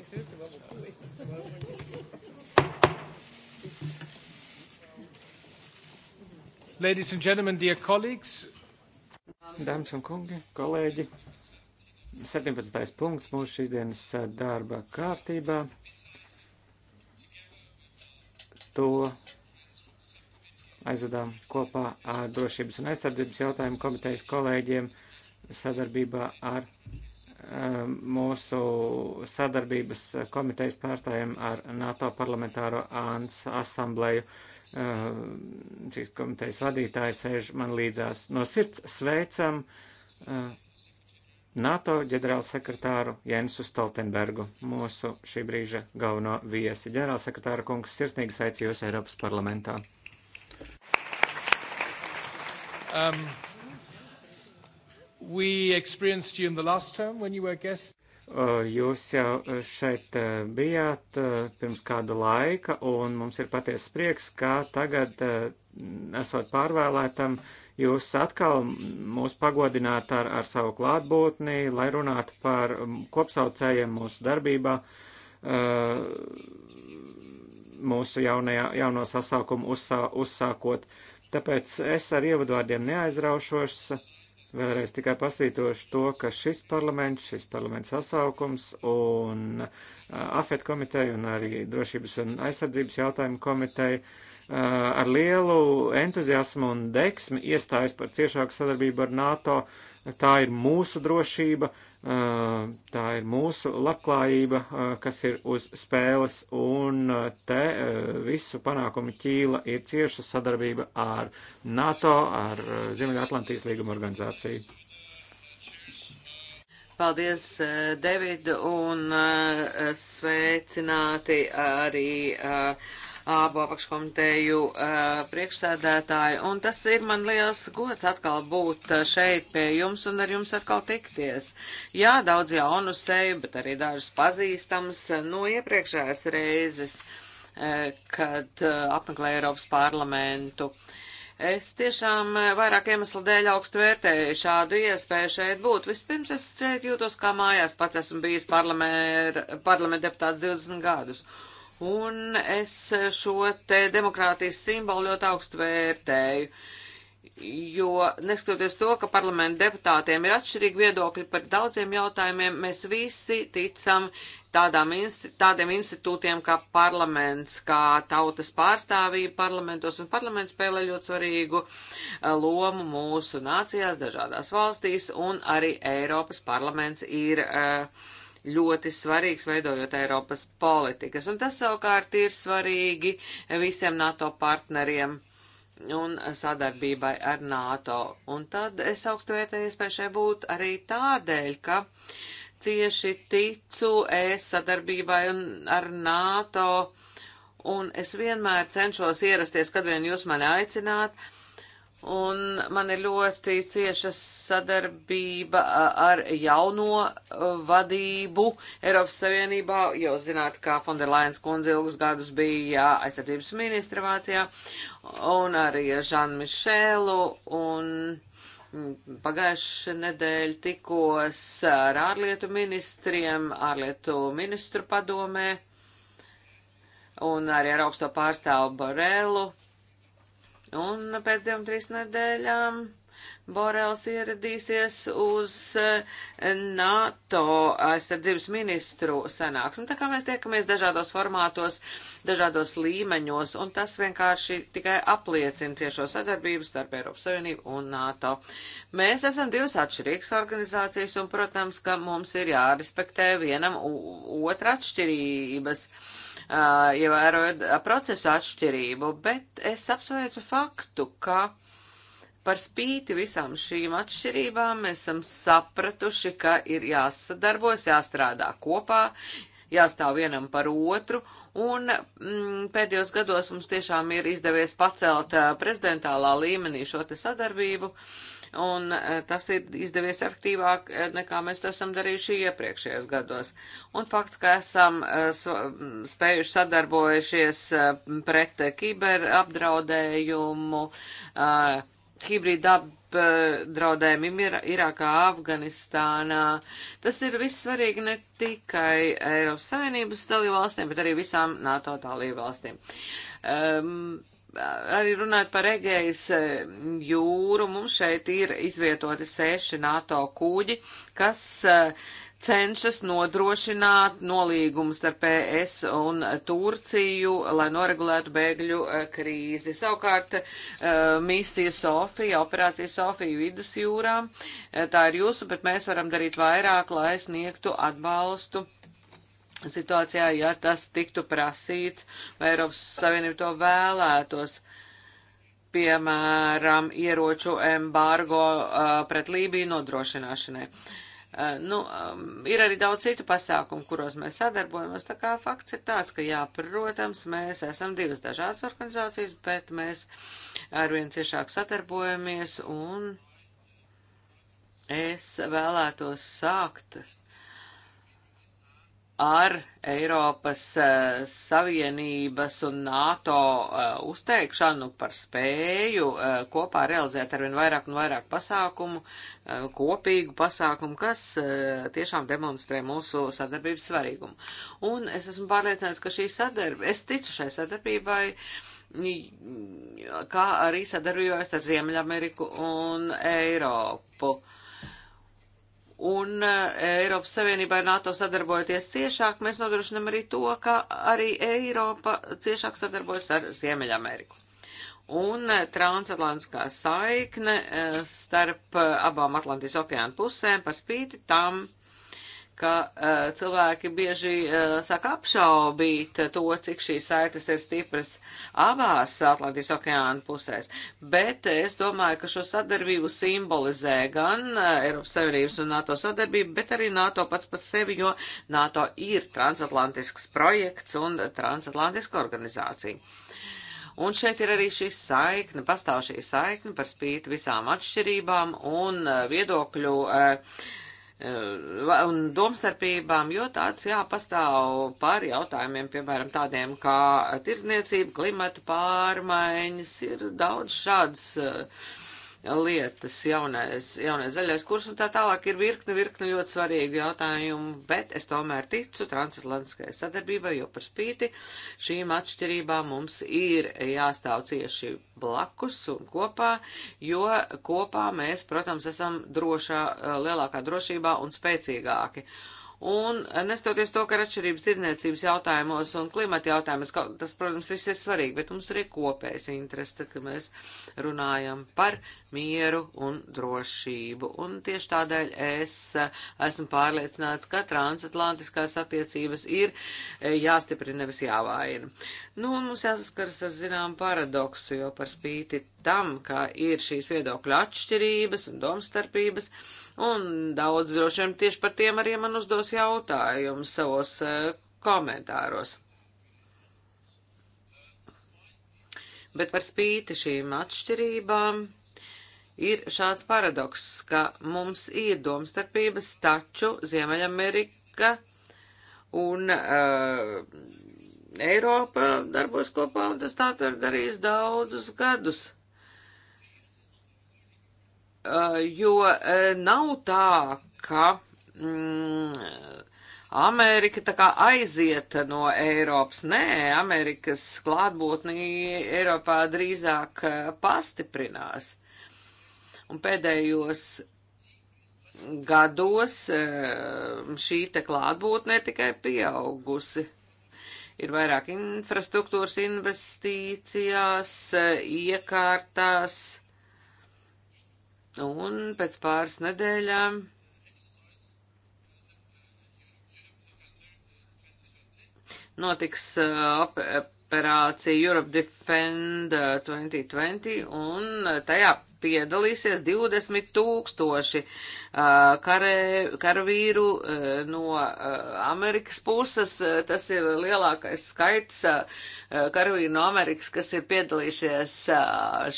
effet, ça va beaucoup. Oui. Ça va Ladies and gentlemen, dear colleagues. Dāmas un kungi, kolēģi, 17. punkts mūsu šīsdienas darba kārtībā. To aizvedām kopā ar drošības un aizsardzības jautājumu komitejas kolēģiem sadarbībā ar Um, mūsu sadarbības komitejas pārstāvjiem ar NATO parlamentāro ANS asambleju. Um, šīs komitejas vadītājs sēž man līdzās. No sirds sveicam uh, NATO ģenerālsekretāru Jensu Stoltenbergu, mūsu šī brīža galveno viesi. Ģenerālsekretāra kungs sirsnīgi sveicu jūs Eiropas parlamentā. Um. We experienced you in the last term when you were guest. Jūs jau e, šeit e, bijāt e, pirms kāda laika, un mums ir patiesa prieks, ka tagad, esot pārvēlētam, jūs atkal mūs pagodināt ar, ar savu klātbūtni, lai runātu par kopsaucējiem mūsu darbībā, mūsu jaunajā, jauno sasaukumu uzsā, uzsākot. Tāpēc es ar ievadvārdiem neaizraušos Vēlreiz tikai pasvītrošu to, ka šis parlaments, šis parlaments sasaukums un uh, AFET komiteja un arī drošības un aizsardzības jautājumu komiteja uh, ar lielu entuziasmu un deksmi iestājas par ciešāku sadarbību ar NATO. Tā ir mūsu drošība, tā ir mūsu labklājība, kas ir uz spēles, un te visu panākumu ķīla ir cieša sadarbība ar NATO, ar Ziemeļatlantijas līguma organizāciju. Paldies, David, un sveicināti arī uh, abu apakškomiteju uh, priekšsēdētāju, un tas ir man liels gods atkal būt eh, šeit pie jums un ar jums atkal tikties. Jā, daudz jaunu seju, bet arī dažas pazīstamas eh, no iepriekšējās reizes, uh, kad uh, apmeklēju Eiropas parlamentu. Es tiešām vairāk iemeslu dēļ augstu vērtēju šādu iespēju šeit būt. Vispirms es šeit jūtos kā mājās, pats esmu bijis parlamenta deputāts 20 gadus. Uh, Un es šo te demokrātijas simbolu ļoti augstu vērtēju, jo neskatoties to, ka parlamenta deputātiem ir atšķirīgi viedokļi par daudziem jautājumiem, mēs visi ticam tādām insti tādiem institūtiem kā parlaments, kā tautas pārstāvība parlamentos, un parlaments spēlē ļoti svarīgu eh, lomu mūsu nācijās, dažādās valstīs, un arī Eiropas parlaments ir uh, ļoti svarīgs veidojot Eiropas politikas, un tas savukārt ir svarīgi visiem NATO partneriem un sadarbībai ar NATO. Un tad es augstu vērtēju iespēju šai būt arī tādēļ, ka cieši ticu es sadarbībai ar NATO, un es vienmēr cenšos ierasties, kad vien jūs mani aicināt, uh, Un man ir ļoti cieša sadarbība ar jauno vadību Eiropas Savienībā. Jau zināt, kā Fonderlains kundze ilgus gadus bija aizsardzības ministra Vācijā un arī Žanu Mišēlu. Un pagājuši nedēļ tikos ar ārlietu ministriem, ārlietu ministru padomē un arī ar augsto pārstāvu Borelu Un pēc divām, trīs nedēļām Borels ieradīsies uz eh, NATO aizsardzības ministru sanāksmi. Tā kā mēs tiekamies dažādos formātos, dažādos līmeņos, un tas vienkārši tikai apliecina ciešo sadarbību starp Eiropas Savienību un NATO. Mēs esam divas atšķirīgas organizācijas, un, protams, ka mums ir jārespektē vienam otra atšķirības. Uh, Uh, ievērojot uh, procesu atšķirību, bet es apsveicu faktu, ka par spīti visām šīm atšķirībām mēs esam sapratuši, ka ir jāsadarbos, jāstrādā kopā, jāstāv vienam par otru. Un mm, pēdējos gados mums tiešām ir izdevies pacelt uh, prezidentālā līmenī šo te sadarbību. Uh, un e, tas ir izdevies efektīvāk e, nekā mēs to esam darījuši iepriekšējos gados. Un fakts, ka esam e, spējuši sadarbojušies pret kiberapdraudējumu, hibrīda apdraudējumiem ir Irākā, Afganistānā. Tas ir viss svarīgi ne tikai Eiropas Savienības dalībvalstīm, bet arī visām NATO dalībvalstīm. Um, arī runājot par Egejas e, jūru, mums šeit ir izvietoti seši NATO kuģi, kas e, cenšas nodrošināt nolīgumu starp ES un Turciju, lai noregulētu bēgļu e, krīzi. Savukārt misija Sofija, operācija Sofija vidusjūrā, tā ir jūsu, bet mēs varam darīt vairāk, lai sniegtu atbalstu situācijā, ja tas tiktu prasīts vai Eiropas Savienība to vēlētos. Piemēram, ieroču embargo uh, pret Lībiju nodrošināšanai. Uh, nu, um, ir arī daudz citu pasākumu, kuros mēs sadarbojamies. Tā kā fakts ir tāds, ka jā, protams, mēs esam divas dažādas organizācijas, bet mēs arvien ciešāk sadarbojamies un es vēlētos sākt ar Eiropas uh, Savienības un NATO uh, uzteikšanu par spēju uh, kopā realizēt arvien vairāk un vairāk pasākumu, kopīgu pasākumu, kas tiešām demonstrē mūsu sadarbības svarīgumu. Un es esmu pārliecināts, ka šī sadarbība, es ticu šai sadarbībai, kā arī sadarbībās ar Ziemeļameriku un Eiropu. Uh, un eh, Eiropas Savienībā ar NATO sadarbojoties ciešāk, mēs nodrošinam arī to, ka arī Eiropa ciešāk sadarbojas ar Ziemeļameriku. Un eh, transatlantiskā saikne eh, starp abām Atlantijas okeāna pusēm par spīti tam, ka uh, cilvēki bieži uh, eh, saka apšaubīt to, cik šīs saites ir stipras abās Atlantijas okeāna pusēs. Bet es domāju, ka šo sadarbību simbolizē gan uh, Eiropas Savienības un NATO sadarbība, bet arī NATO pats par sevi, jo NATO ir transatlantisks projekts un transatlantiska organizācija. Un šeit ir arī šī saikne, pastāv šī saikne par spīti visām atšķirībām un uh, viedokļu uh, un domstarpībām, jo tāds jāpastāv par jautājumiem, piemēram, tādiem kā tirdzniecība, klimata pārmaiņas, ir daudz šādas lietas, jaunais, jaunais zaļais kurs un tā tālāk ir virkne, virkne ļoti svarīgu jautājumu, bet es tomēr ticu transatlantiskajai sadarbībai, jo par spīti šīm atšķirībām mums ir jāstāv cieši blakus un kopā, jo kopā mēs, protams, esam drošā, lielākā drošībā un spēcīgāki. Uh, Un nestoties to, ka ir atšķirības tirniecības jautājumos un klimata jautājumos, tas, protams, viss ir svarīgi, bet mums ir kopējs interesi, tad, kad mēs runājam par mieru un drošību. Un tieši tādēļ es eh, esmu pārliecināts, ka transatlantiskās attiecības ir eh, jāstiprina, nevis jāvājina. Nu, un mums jāsaskaras ar zinām paradoksu, jo par spīti tam, ka ir šīs viedokļu atšķirības un domstarpības, uh, Un daudz droši vien tieši par tiem arī man uzdos jautājumus savos e, komentāros. Bet par spīti šīm atšķirībām ir šāds paradoks, ka mums ir domstarpības, taču Ziemeļamerika un uh, Eiropa darbos kopā, un tas tā tur darīs daudzus gadus. Eh, jo eh, nav tā, ka mm, Amerika tā kā aiziet no Eiropas. Nē, Amerikas klātbūtnī Eiropā drīzāk eh, pastiprinās. Un pēdējos gados šī te klātbūtne ir tikai pieaugusi. Ir vairāk infrastruktūras investīcijās, iekārtās Un pēc pāris nedēļām notiks uh, operācija Europe Defend 2020, uh, un uh, tajā piedalīsies 20 tūkstoši karē, karavīru no Amerikas puses. Tas ir lielākais skaits karavīru no Amerikas, kas ir piedalījušies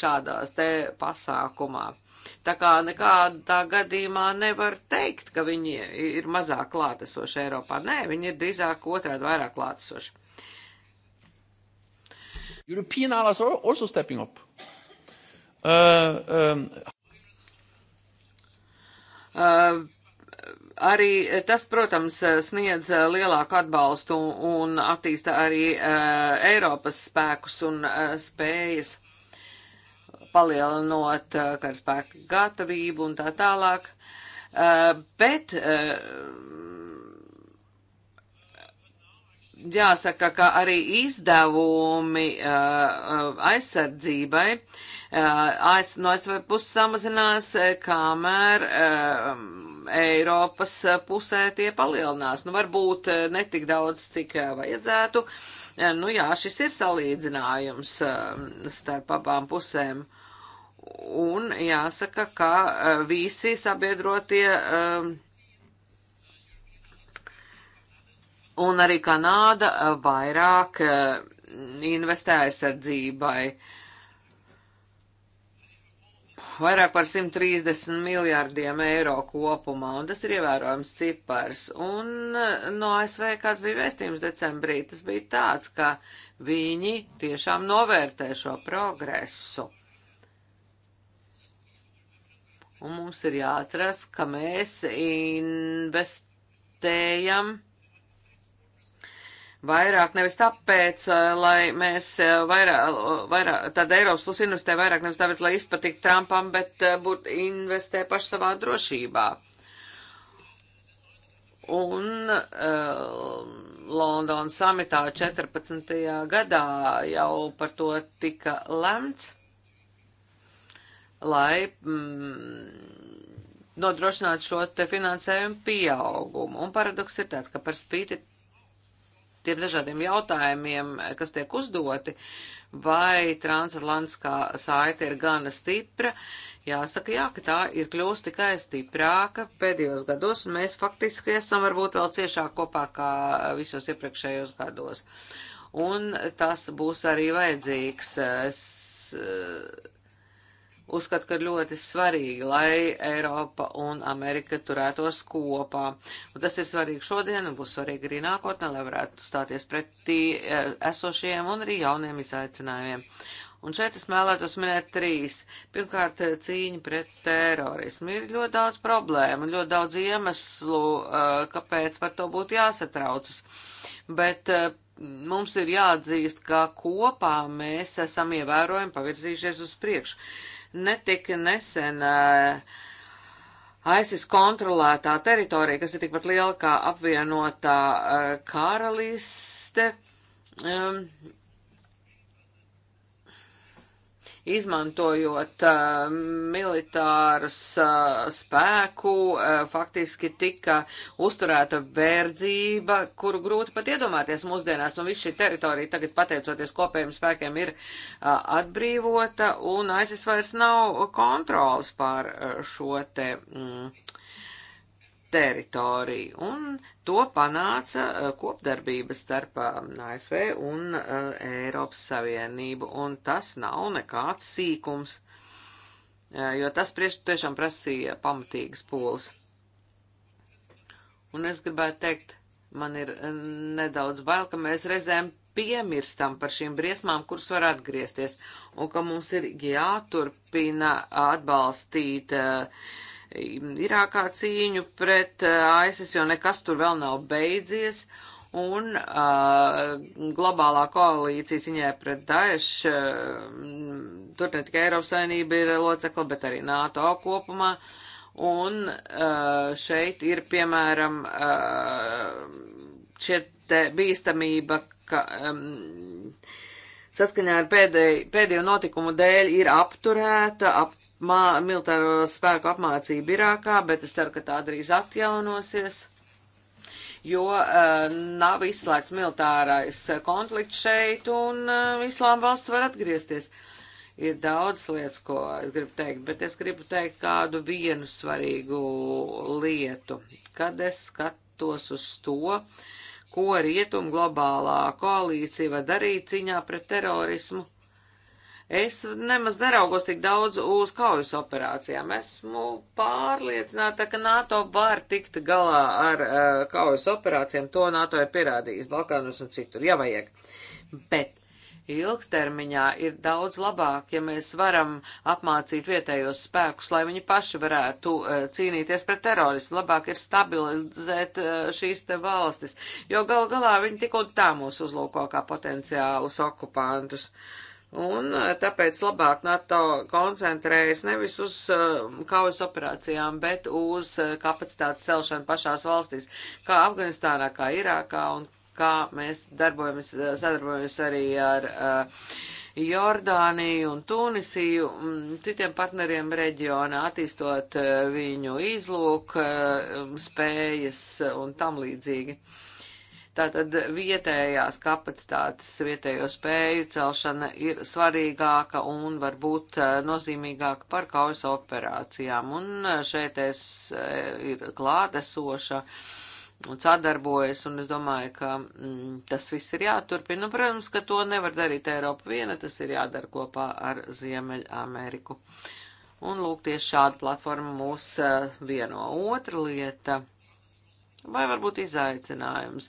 šādās te pasākumā. Tā kā nekādā gadījumā nevar teikt, ka viņi ir mazāk klātesoši Eiropā. Nē, viņi ir drīzāk otrādi vairāk klātesoši. European allies are also stepping up. Uh, um. uh, arī tas, protams, sniedz lielāku atbalstu un attīsta arī uh, Eiropas spēkus un uh, spējas palielinot eh, karaspēka gatavību un tā tālāk. Eh, bet eh, jāsaka, ka arī izdevumi aizsardzībai no ASV puses samazinās, kamēr Eiropas pusē tie palielinās. Nu, varbūt netik daudz, cik vajadzētu. Nu jā, šis ir salīdzinājums starp abām pusēm. Uh, Un jāsaka, ka eh, visi sabiedrotie eh, un arī Kanāda eh, vairāk investē aizsardzībai vairāk par 130 miljārdiem eiro kopumā, un tas ir ievērojams cipars. Un no ASV kāds bija vēstījums decembrī, tas bija tāds, ka viņi tiešām novērtē šo progresu. Un mums ir jāatrast, ka mēs investējam vairāk nevis tāpēc, eh, lai mēs vairāk, eh, vairāk tad Eiropas plus investē vairāk nevis tāpēc, lai izpatiktu Trumpam, bet eh, būt, investē paši savā drošībā. Un uh, Londonas samitā 14. gadā jau par to tika lemts lai mm, nodrošinātu šo te finansējumu pieaugumu. Un paradoks ir tāds, ka par spīti tiem dažādiem jautājumiem, kas tiek uzdoti, vai transatlantiskā saite ir gana stipra. Jāsaka, jā, ka tā ir kļūst tikai stiprāka pēdējos gados, un mēs faktiski esam varbūt vēl ciešāk kopā kā visos iepriekšējos gados. Un tas būs arī vajadzīgs. Es, uzskatu, ka ļoti svarīgi, lai Eiropa un Amerika turētos kopā. Un tas ir svarīgi šodien un būs svarīgi arī nākotnē, lai varētu stāties pretī e, esošajiem un arī jauniem izaicinājumiem. Un šeit es mēlētos minēt trīs. Pirmkārt, cīņa pret terorismu. Ir ļoti daudz problēmu, ļoti daudz iemeslu, e, kāpēc par to būtu jāsatraucas. Bet e, mums ir jāatzīst, ka kopā mēs esam ievērojami pavirzījušies uz priekšu netika nesen ASIS eh, kontrolētā teritorija, kas ir tikpat liela kā apvienotā eh, karaliste, um, izmantojot uh, militārus uh, spēku, uh, faktiski tika uzturēta verdzība, kuru grūti pat iedomāties mūsdienās, un viss šī teritorija tagad pateicoties kopējiem spēkiem ir atbrīvota, un ASIS vairs nav kontrols pār šo te. Mm, teritoriju, un to panāca eh, kopdarbība starp eh, ASV un eh, Eiropas Savienību, un tas nav nekāds sīkums, jo tas prieš, tiešām prasīja pamatīgas pūles. Un es gribētu teikt, man ir nedaudz bail, ka mēs reizēm piemirstam par šīm briesmām, kuras var atgriezties, un ka mums ir jāturpina atbalstīt uh, Irākā cīņu pret ISIS, jo nekas tur vēl nav beidzies, un uh, globālā koalīcija ciņā pret Daesh, uh, tur ne tikai Eiropas Savienība ir locekla, bet arī NATO kopumā, un uh, šeit ir, piemēram, uh, šie te bīstamība, ka. Um, saskaņā ar pēdēj, pēdējo notikumu dēļ ir apturēta, ap, mā, militāro spēku apmācību Irākā, bet es ceru, ka tā drīz atjaunosies, jo uh, nav izslēgts militārais eh, konflikts šeit un uh, Islāma valsts var atgriezties. Ir daudz lietas, ko es gribu teikt, bet es gribu teikt kādu vienu svarīgu lietu. Kad es skatos uz to, ko rietum globālā koalīcija var darīt ciņā pret terorismu, Es nemaz neraugos tik daudz uz kaujas operācijām. Esmu pārliecināta, ka NATO var tikt galā ar uh, kaujas operācijām. To NATO ir pierādījis Balkānos un citur, ja vajag. Bet ilgtermiņā ir daudz labāk, ja mēs varam apmācīt vietējos spēkus, lai viņi paši varētu uh, cīnīties pret terorismu. Labāk ir stabilizēt uh, šīs te valstis, jo gal galā viņi tik un tā mūs uzlūko kā potenciālus okupantus. Uh, Un eh, tāpēc labāk NATO koncentrējas nevis uz eh, kaujas operācijām, bet uz eh, kapacitātes celšanu pašās valstīs, kā Afganistānā, kā Irākā un kā mēs darbojamies, sadarbojamies arī ar uh, Jordāniju un Tunisiju, un citiem partneriem reģionā, attīstot uh, viņu izlūk, uh, spējas un tam līdzīgi. Uh, Tātad vietējās kapacitātes, vietējo spēju celšana ir svarīgāka un varbūt eh, nozīmīgāka par kaujas operācijām. Un eh, šeit es eh, ir klātesoša un sadarbojas, un es domāju, ka mm, tas viss ir jāturpina. Nu, protams, ka to nevar darīt Eiropa viena, tas ir jādara kopā ar Ziemeļameriku. Un lūk, tieši šāda platforma mūs vieno. Otra lieta vai varbūt izaicinājums,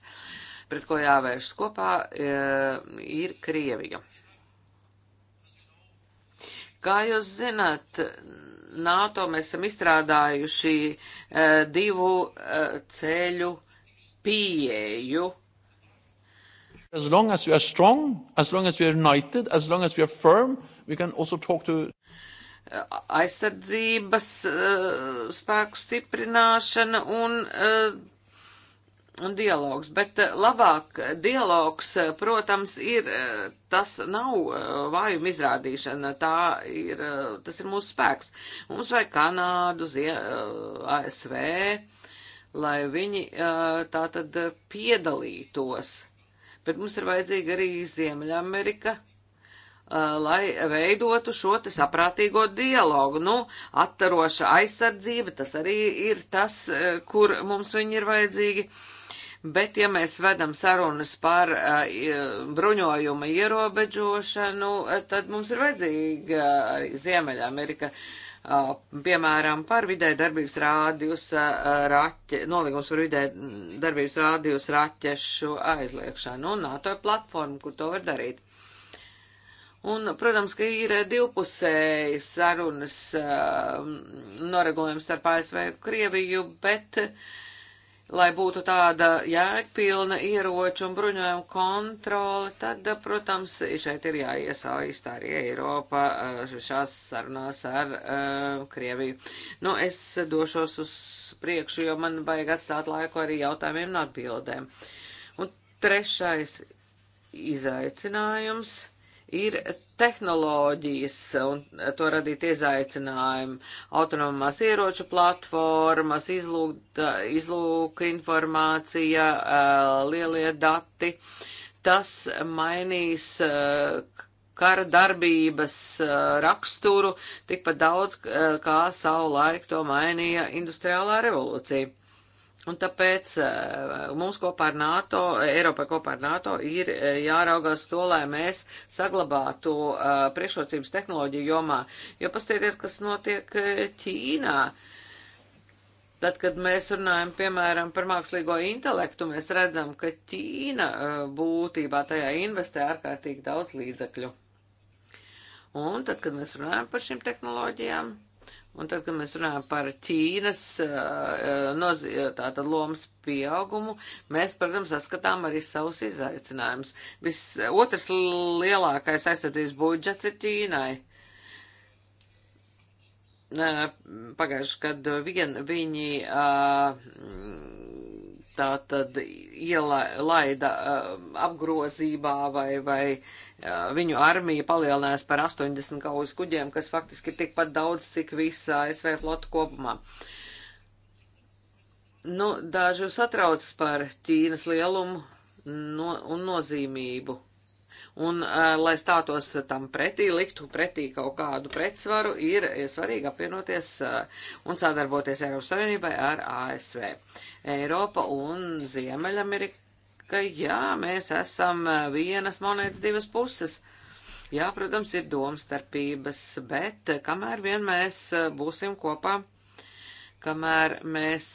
pret ko jāvēršas kopā, e, ir Krievija. Kā jūs zināt, NATO mēs esam izstrādājuši e, divu e, ceļu pieeju. As long as we are strong, as long as we are united, as long as we are firm, we can also talk to aizsardzības uh, spēku stiprināšana un uh, dialogs, bet eh, labāk dialogs, eh, protams, ir, eh, tas nav vājuma izrādīšana, tā ir, tas ir mūsu spēks. Mums vajag Kanādu, Zie ASV, lai viņi tā tad piedalītos, bet mums ir vajadzīga arī Ziemeļamerika, lai veidotu šo te saprātīgo dialogu. Nu, attaroša aizsardzība, tas arī ir tas, kur mums viņi ir vajadzīgi. Uh, Bet, ja mēs vedam sarunas par bruņojuma ierobežošanu, tad mums ir vajadzīga arī Ziemeļamerika, piemēram, par vidē darbības rādījus raķe, nolīgums par vidē darbības rādījus raķešu aizliekšanu un NATO platformu, kur to var darīt. Un, protams, ka ir divpusēji sarunas noregulējums starp ASV un Krieviju, bet uh, lai būtu tāda jēgpilna ieroču un bruņojumu kontrole, tad, protams, šeit ir jāiesaist arī Eiropa eh, šās sarunās ar uh, Krieviju. Nu, es došos uz priekšu, jo man vajag atstāt laiku arī jautājumiem un atbildēm. Un trešais izaicinājums ir tehnoloģijas un to radīt izaicinājumu. Autonomās ieroču platformas, izlūk, izlūk informācija, eh, lielie dati. Tas mainīs eh, kara darbības eh, raksturu tikpat daudz, kā savu laiku to mainīja industriālā revolūcija. Un tāpēc eh, mums kopā ar NATO, Eiropai kopā ar NATO ir eh, jāraugās to, lai mēs saglabātu eh, priekšrocības tehnoloģiju jomā. Jo pastieties, kas notiek Ķīnā. Tad, kad mēs runājam, piemēram, par mākslīgo intelektu, mēs redzam, ka Ķīna būtībā tajā investē ārkārtīgi daudz līdzekļu. Un tad, kad mēs runājam par šīm tehnoloģijām, Un tad, kad mēs runājam par Ķīnas eh, eh, tātad lomas pieaugumu, mēs, protams, saskatām arī savus izaicinājumus. Viss otrs lielākais aizsardzības budžets ir Ķīnai. Eh, pagājuši, kad vien viņi tā tad ielaida uh, um, apgrozībā vai, vai uh, viņu armija palielinājās par 80 kaujas kuģiem, kas faktiski ir tikpat daudz, cik visa ASV flota kopumā. Nu, daži satraucas par Ķīnas lielumu no, un nozīmību Un, uh, lai stātos tam pretī, liktu pretī kaut kādu pretsvaru, ir, ir svarīgi apvienoties uh, un sadarboties Eiropas Savienībai ar ASV. Eiropa un Ziemeļamerika, jā, mēs esam vienas monētas divas puses. Jā, protams, ir domstarpības, bet kamēr vien mēs būsim kopā kamēr mēs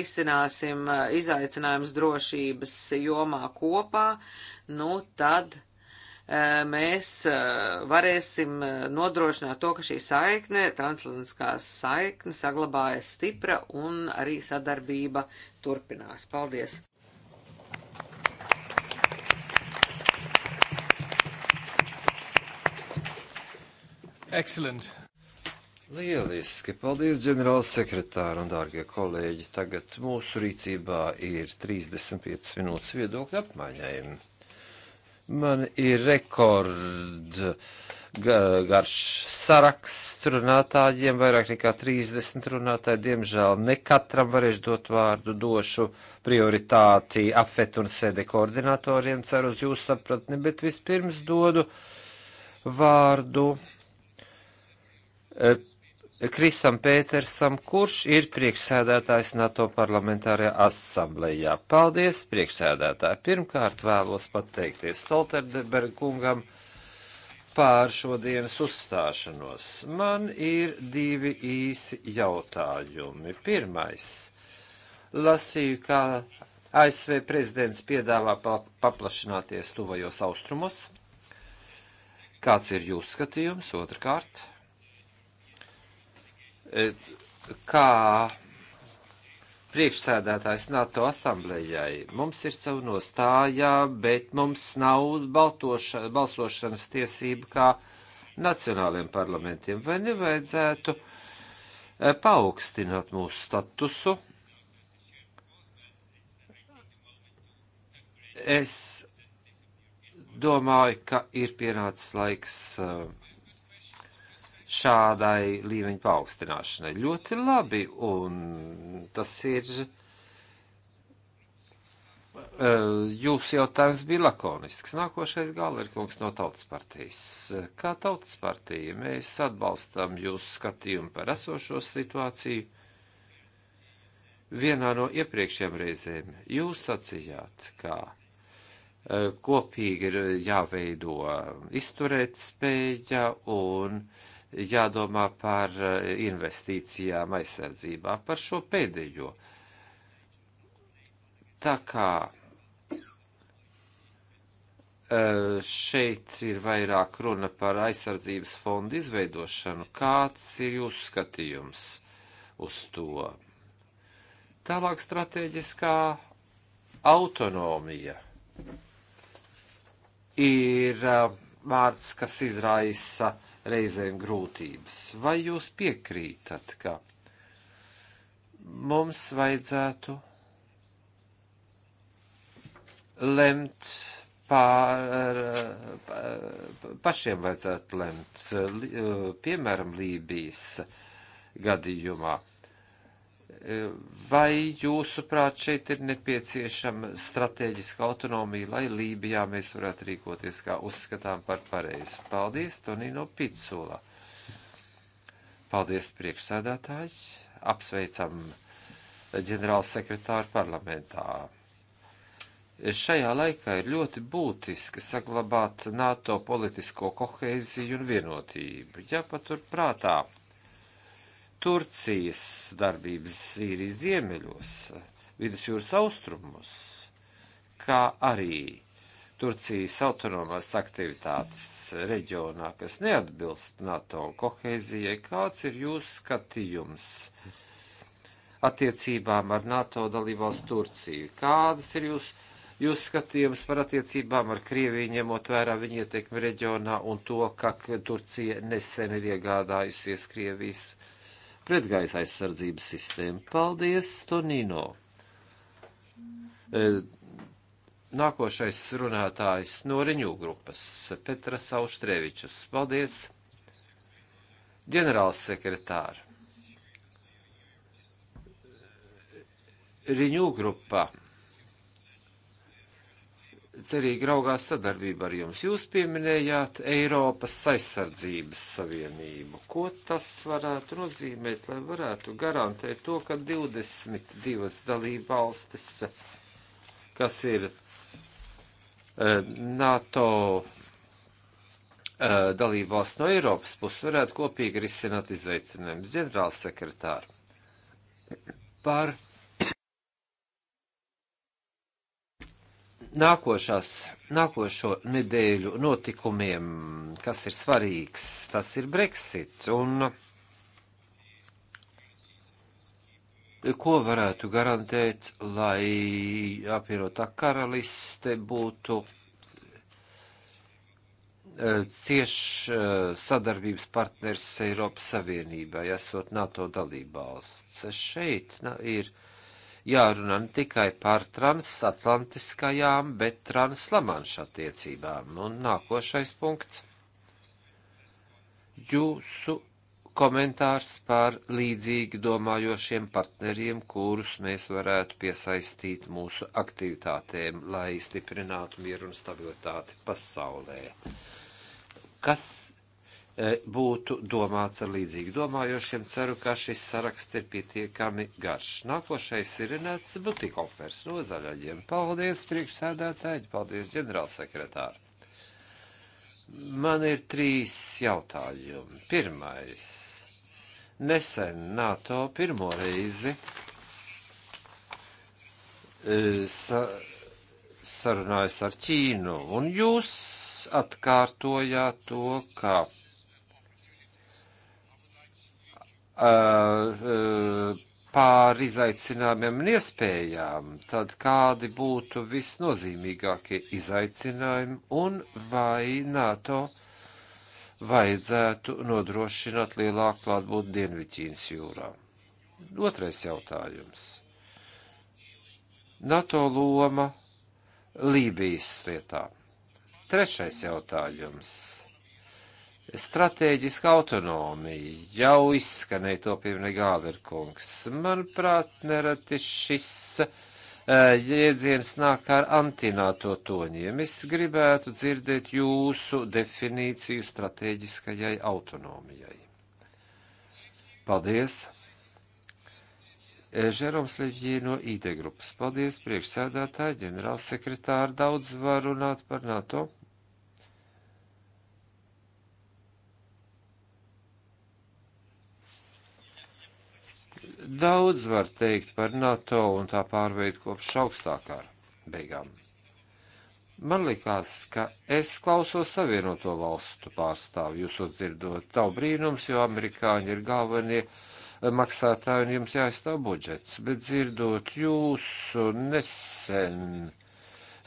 risināsim izaicinājumus drošības jomā kopā, nu tad Eh, mēs eh, varēsim eh, nodrošināt to, ka šī saikne, transatlantiskā saikne saglabājas stipra un arī sadarbība turpinās. Paldies! Excellent. Lieliski! Paldies, ģenerālsekretāri un dārgie kolēģi! Tagad mūsu rīcībā ir 35 minūtes viedokļu apmaiņai. Man ir rekords garš saraksts runātājiem, vairāk nekā 30 runātāji. Diemžēl ne katram varēšu dot vārdu, došu prioritāti afet un sēde koordinatoriem. Ceru uz jūsu sapratni, bet vispirms dodu vārdu eh, Krisam Pētersam, kurš ir priekšsēdētājs NATO parlamentārajā asamblējā. Paldies, priekšsēdētāji! Pirmkārt vēlos pateikties Stolterberg kungam pār šodienas uzstāšanos. Man ir divi īsi jautājumi. Pirmais. Lasīju, kā ASV prezidents piedāvā paplašināties tuvajos austrumos. Kāds ir jūsu skatījums? Otrakārt. E, kā priekšsēdētājs NATO asamblējai. Mums ir savu nostājā, bet mums nav baltoša, balsošanas tiesība kā nacionāliem parlamentiem. Vai nevajadzētu e, paaugstināt mūsu statusu? Es domāju, ka ir pienācis laiks. Uh, šādai līmeņa paaugstināšanai. Ļoti labi, un tas ir. Eh, jūsu jautājums bija lakonisks. Nākošais galerkungs no Tautas partijas. Kā Tautas partija mēs atbalstam jūsu skatījumu par esošo situāciju. Vienā no iepriekšējām reizēm jūs sacījāt, ka eh, kopīgi ir jāveido izturēt spēja un uh, jādomā par eh, investīcijām aizsardzībā, par šo pēdējo. Tā kā eh, šeit ir vairāk runa par aizsardzības fondu izveidošanu. Kāds ir jūsu skatījums uz to? Tālāk strateģiskā autonomija ir vārds, eh, kas izraisa uh, reizēm grūtības. Vai jūs piekrītat, ka mums vajadzētu lemt pār, eh, pašiem vajadzētu lemt, eh, eh, piemēram, Lībijas gadījumā? Vai jūsuprāt šeit ir nepieciešama strateģiska autonomija, lai Lībijā mēs varētu rīkoties, kā uzskatām par pareizi? Paldies, Tonino Pitsula. Paldies, priekšsēdētājs. Apsveicam ģenerālsekretāru parlamentā. Šajā laikā ir ļoti būtiski saglabāt NATO politisko koheiziju un vienotību. Ja patur prātā Turcijas darbības Sīrijas ziemeļos, vidusjūras austrumos, kā arī Turcijas autonomās aktivitātes reģionā, kas neatbilst NATO kohēzijai, kāds ir jūsu skatījums attiecībām ar NATO dalībvalstu Turciju? Kādas ir jūs, jūs skatījums par attiecībām ar Krieviju, ņemot vērā viņa ietekmi reģionā un to, ka Turcija nesen ir iegādājusies Krievijas? pretgaisa aizsardzības sistēmu. Paldies, Tonino! E, nākošais runātājs no Riņū grupas - Petras Auštrevičus. Paldies! Ģenerāls sekretāri! Riņū grupa cerīgi raugās sadarbību ar jums. Jūs pieminējāt Eiropas aizsardzības savienību. Ko tas varētu nozīmēt, lai varētu garantēt to, ka 22 dalība valstis, kas ir eh, NATO eh, dalība valsts no Eiropas puses, varētu kopīgi risināt izaicinājumus ģenerālsekretāri par nākošās, nākošo nedēļu notikumiem, kas ir svarīgs, tas ir Brexit. Un ko varētu garantēt, lai apvienotā karaliste būtu eh, cieši eh, sadarbības partners Eiropas Savienībai, esot NATO dalībvalsts. Šeit na, ir jārunā ne tikai par transatlantiskajām, bet translamanšu attiecībām. Un nākošais punkts - jūsu komentārs par līdzīgi domājošiem partneriem, kurus mēs varētu piesaistīt mūsu aktivitātēm, lai stiprinātu mieru un stabilitāti pasaulē. Kas E, būtu domāts ar līdzīgi domājošiem. Ceru, ka šis saraksts ir pietiekami garš. Nākošais ir Renāts Butikofers no zaļajiem. Paldies, priekšsēdētāji, paldies, ģenerālsekretāri. Man ir trīs jautājumi. Pirmais. Nesen NATO pirmo reizi e, sa sarunājas ar Ķīnu, un jūs atkārtojāt to, ka pār izaicinājumiem un iespējām, tad kādi būtu visnozīmīgākie izaicinājumi un vai NATO vajadzētu nodrošināt lielāku klātbūtni Dienvidķīnas jūrā? Otrais jautājums. NATO loma Lībijas lietā. Trešais jautājums Stratēģiska autonomija jau izskanēja to pieminē Gāverkungs. Manuprāt, nereti šis eh, jēdziens nāk ar antināto toņiem. Es gribētu dzirdēt jūsu definīciju stratēģiskajai autonomijai. Paldies! Eh, Žeroms Leģija no IT grupas. Paldies, priekšsēdētāji, ģenerālsekretāri, daudz var runāt par NATO. Daudz var teikt par NATO un tā pārveidu kopš augstākā beigām. Man likās, ka es klausos Savienoto valstu pārstāvu, jūs dzirdot, tavu brīnums, jo amerikāņi ir galvenie eh, maksātāji un jums jāizstāv budžets, bet dzirdot jūsu nesen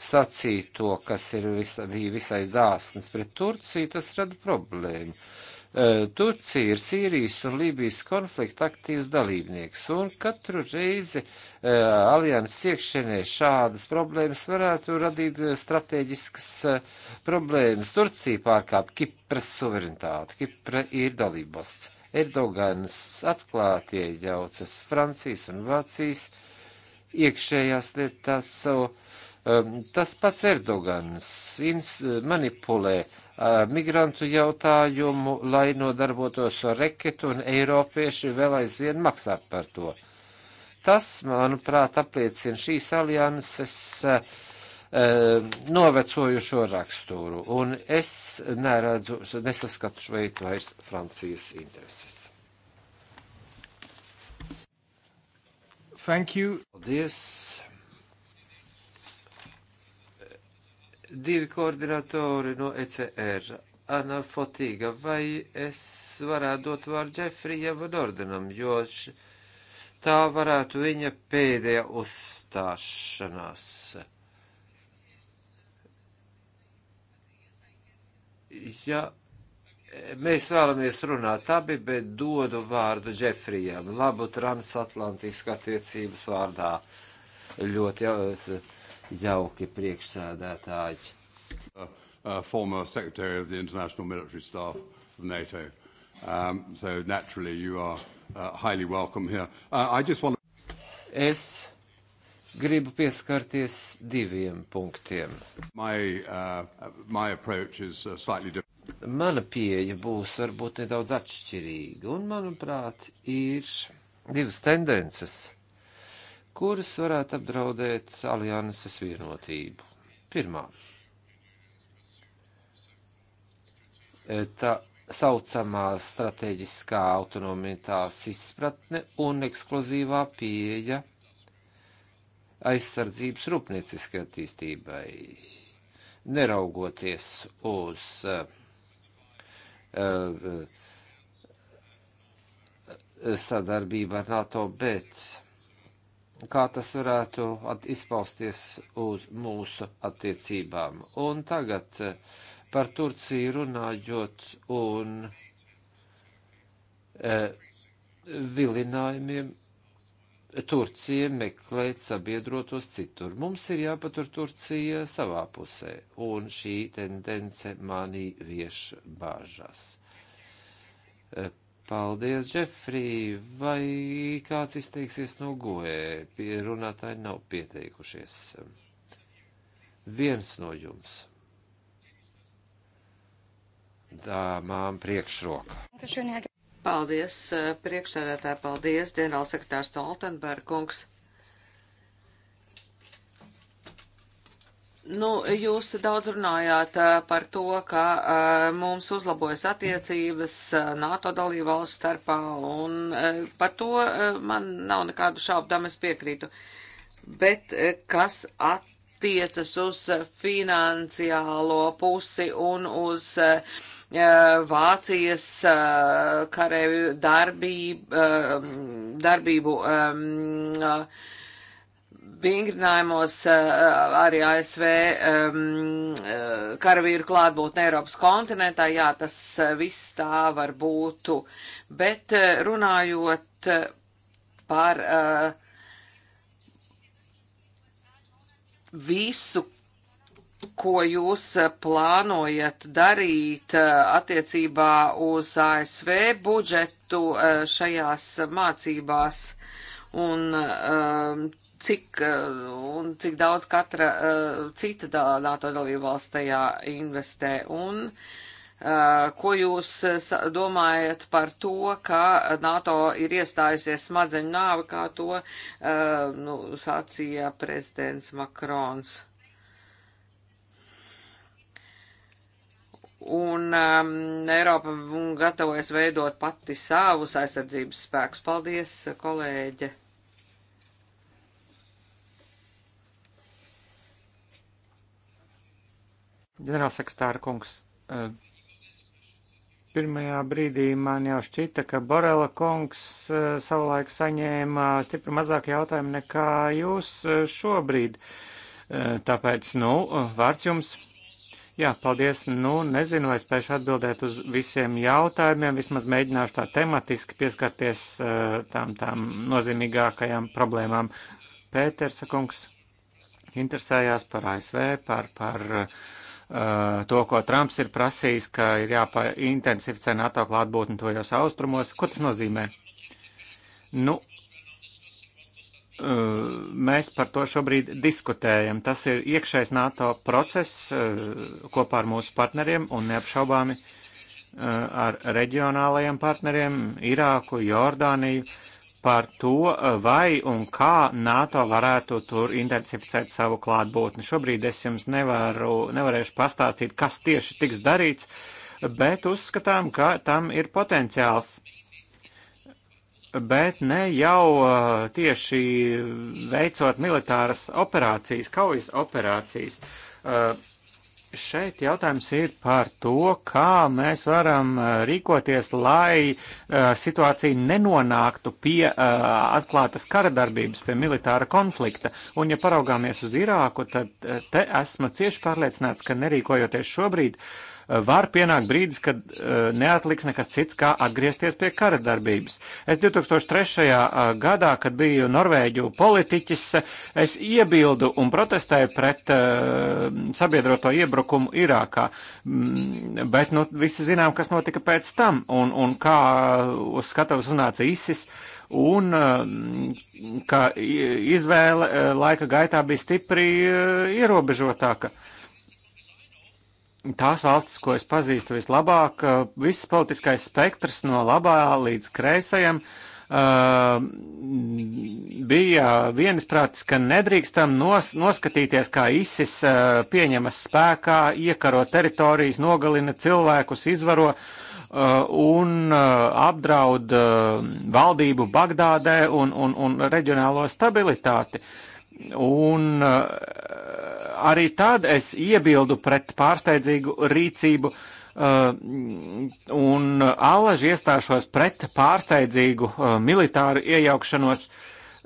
sacīto, kas ir visa, bija visai dāsns pret Turciju, tas rada problēmu. Eh, Turcija ir Sīrijas un Lībijas konflikta aktīvs dalībnieks, un katru reizi uh, alianses iekšienē šādas problēmas varētu radīt eh, strateģiskas uh, problēmas. Turcija pārkāp Kipras suverenitāti. Kipra ir dalībvalsts. Erdogans atklāti iejaucas Francijas un Vācijas iekšējās lietās. So, um, tas pats Erdogans manipulē uh, Eh, migrantu jautājumu, lai nodarbotos ar reketu, un eiropieši vēl aizvien maksā par to. Tas, manuprāt, apliecina šīs alianses uh, novecojušo raksturu, un es neredzu, nesaskatu šveit vairs Francijas intereses. Thank you. Paldies. divi koordinatori no ECR. Anna Fotīga, vai es varētu dot vārdu Džefrijam un Ordenam, jo š... tā varētu viņa pēdējā uzstāšanās. Ja mēs vēlamies runāt abi, bet dodu vārdu Džefrijam, labu transatlantisku attiecības vārdā. Ļoti jau jauki priekšsēdētāji. Uh, uh, former Secretary of the International Military Staff of NATO. Um, so naturally you are uh, highly welcome here. Uh, I just want to... Es gribu pieskarties diviem punktiem. My, uh, my approach is uh, slightly different. Mana pieeja būs varbūt nedaudz atšķirīga, un manuprāt, ir divas tendences kuras varētu apdraudēt alianses vienotību. Pirmā. E, tā saucamā strateģiskā autonomitātes izpratne un ekskluzīvā pieeja aizsardzības rūpnieciskai attīstībai, neraugoties uz uh, uh, sadarbību ar NATO, bet kā tas varētu izpausties uz mūsu attiecībām. Un tagad eh, par Turciju runājot un e, vilinājumiem Turcija meklēt sabiedrotos citur. Mums ir jāpatur Turcija savā pusē, un šī tendence manī vieš bāžas. E, Paldies, Džefrī, vai kāds izteiksies no goē? E? Pie runātāji nav pieteikušies. Viens no jums. Dāmām priekšroka. Paldies, priekšsēdētāji, paldies, ģenerālsekretārs Stoltenberg kungs. Nu, jūs daudz runājāt eh, par to, ka eh, mums uzlabojas attiecības eh, NATO dalībvalstu starpā, un par to man nav nekādu šaubu, tam es piekrītu. Bet kas attiecas uz finansiālo pusi un uz Vācijas karēju darbību, darbību vingrinājumos eh, eh, arī ASV eh, karavīru klātbūtne Eiropas kontinentā, jā, tas viss tā var būtu, bet runājot par visu, ko jūs plānojat darīt attiecībā uz ASV budžetu šajās mācībās un cik eh, un cik daudz katra eh, cita NATO dalībvalsts tajā investē. Un eh, ko jūs domājat par to, ka NATO ir iestājusies smadzeņu nāvi, kā to nu, sacīja prezidents Makrons? un um, Eiropa gatavojas veidot pati savus aizsardzības spēkus. Paldies, kolēģe! Ģenerālsekretāra kungs, e, pirmajā brīdī man jau šķita, ka Borela kungs e, savulaik saņēma stipri mazāk jautājumu nekā jūs e, šobrīd. Tāpēc, nu, vārds jums. Jā, paldies. Nu, nezinu, vai spēšu atbildēt uz visiem jautājumiem. Vismaz mēģināšu tā tematiski pieskarties uh, tām, tām nozīmīgākajām problēmām. Pēters kungs interesējās par ASV, par, par uh, Uh, to, ko Trumps ir prasījis, ka ir jāintensificē NATO klātbūtni tojos austrumos. Ko tas nozīmē? Nu, uh, mēs par to šobrīd diskutējam. Tas ir iekšējs NATO process uh, kopā ar mūsu partneriem un neapšaubāmi ar reģionālajiem partneriem - Irāku, Jordāniju par to, eh, vai un kā NATO varētu tur intensificēt savu klātbūtni. Šobrīd es jums nevaru, nevarēšu pastāstīt, kas tieši tiks darīts, bet uzskatām, ka tam ir potenciāls. Bet ne jau eh, tieši veicot militāras operācijas, kaujas operācijas. Uh, šeit jautājums ir par to, kā mēs varam uh, rīkoties, lai uh, situācija nenonāktu pie uh, atklātas kara darbības, pie militāra konflikta. Un, ja paraugāmies uz Irāku, tad uh, te esmu cieši pārliecināts, ka nerīkojoties šobrīd, uh, Eh, var pienākt brīdis, kad eh, neatliks nekas cits, kā atgriezties pie kara darbības. Es 2003. Eh, gadā, kad biju Norvēģu politiķis, es iebildu un protestēju pret sabiedroto iebrukumu Irākā. Mm, bet nu, visi zinām, kas notika pēc tam un, un kā uz skatuves nāca ISIS un ka izvēle laika gaitā bija stipri ierobežotāka. Uh, tās valstis, ko es pazīstu vislabāk, eh, viss politiskais spektrs no labā līdz kreisajam eh, bija vienisprātis, ka nedrīkstam nos, noskatīties, kā ISIS eh, pieņemas spēkā, iekaro teritorijas, nogalina cilvēkus, izvaro un apdraud valdību Bagdādē un, un, un reģionālo stabilitāti. Un uh, arī tad es iebildu pret pārsteidzīgu rīcību uh, un allaži iestāšos pret pārsteidzīgu uh, militāru iejaukšanos, uh,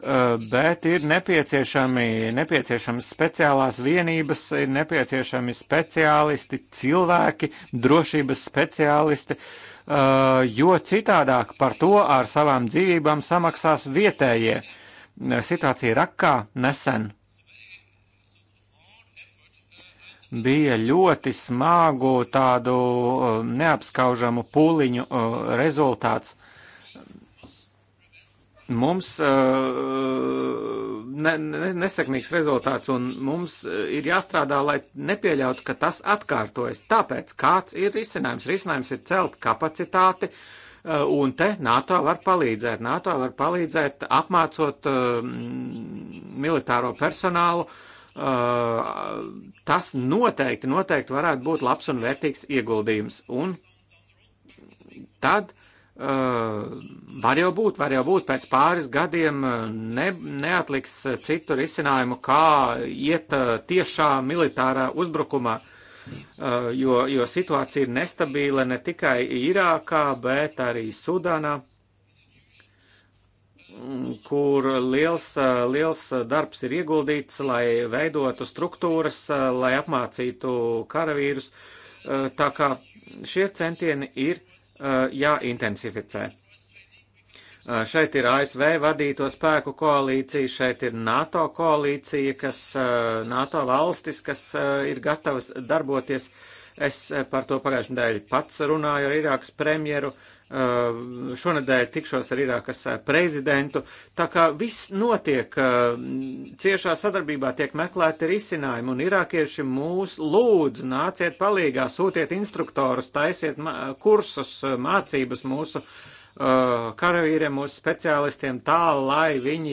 bet ir nepieciešami, nepieciešami speciālās vienības, ir nepieciešami speciālisti, cilvēki, drošības speciālisti, uh, jo citādāk par to ar savām dzīvībām samaksās vietējie. Situācija Rakā nesen bija ļoti smagu tādu uh, neapskaužamu pūliņu uh, rezultāts. Mums uh, ne, ne, nesekmīgs rezultāts, un mums ir jāstrādā, lai nepieļautu, ka tas atkārtojas. Tāpēc kāds ir risinājums? Risinājums ir celt kapacitāti, un te NATO var palīdzēt. NATO var palīdzēt apmācot militāro personālu, uh, Eh, tas noteikti, noteikti varētu būt labs un vērtīgs ieguldījums. Un tad eh, var jau būt, var jau būt pēc pāris gadiem eh, ne, neatliks citu risinājumu, kā iet tiešā militārā uzbrukumā jo, jo situācija ir nestabila ne tikai Irākā, bet arī Sudānā kur liels, liels darbs ir ieguldīts, lai veidotu struktūras, lai apmācītu karavīrus. Tā kā šie centieni ir eh, jāintensificē. Eh, šeit ir ASV vadīto spēku koalīcija, šeit ir NATO koalīcija, kas, eh, NATO valstis, kas ir gatavas darboties. Es par to pagājušajā nedēļā pats runāju ar Irākas premjeru. Uh, Eh, šonadēļ tikšos ar Irākas eh, prezidentu. Tā kā viss notiek, eh, ciešā sadarbībā tiek meklēti risinājumi, un irākieši mūs lūdz nāciet palīgā, sūtiet instruktorus, taisiet kursus, mācības mūsu karavīriem, mūsu speciālistiem tā, lai viņi